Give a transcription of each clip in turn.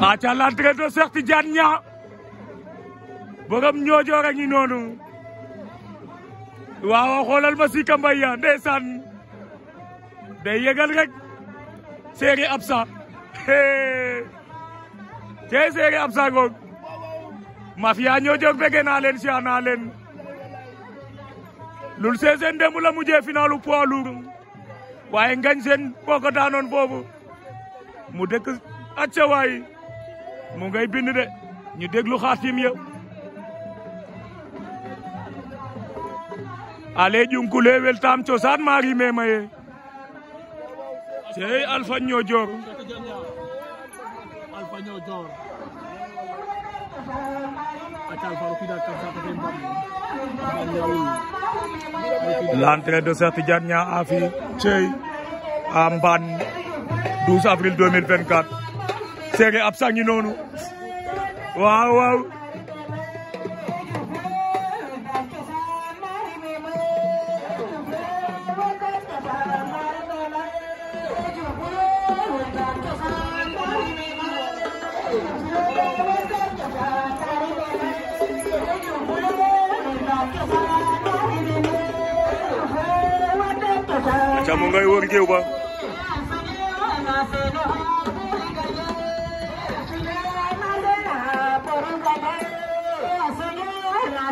aca l'entrée de Cheikh Tidiane Niang borom Niodior a ngi noonu waaw xoolal ma si kambay ya yëgal rek séeri absa tey séeri absa ngoog mafia Niodior bëgg naa leen siyaa naa leen lul seeseen démb la mujjee finalu poids lourd waaye ngañ daanoon boobu mu dëkk acca way mo ngay bind de ñu déglu khatim ya ale junkule wel tam cosaan mari me maye cey alfa ñojoor alfa ñojoor L'entrée de cette dernière a fait Tchei 12 avril 2024. Sege absangi nonu. Wow wow. Jangan aca mu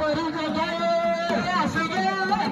por eso ya le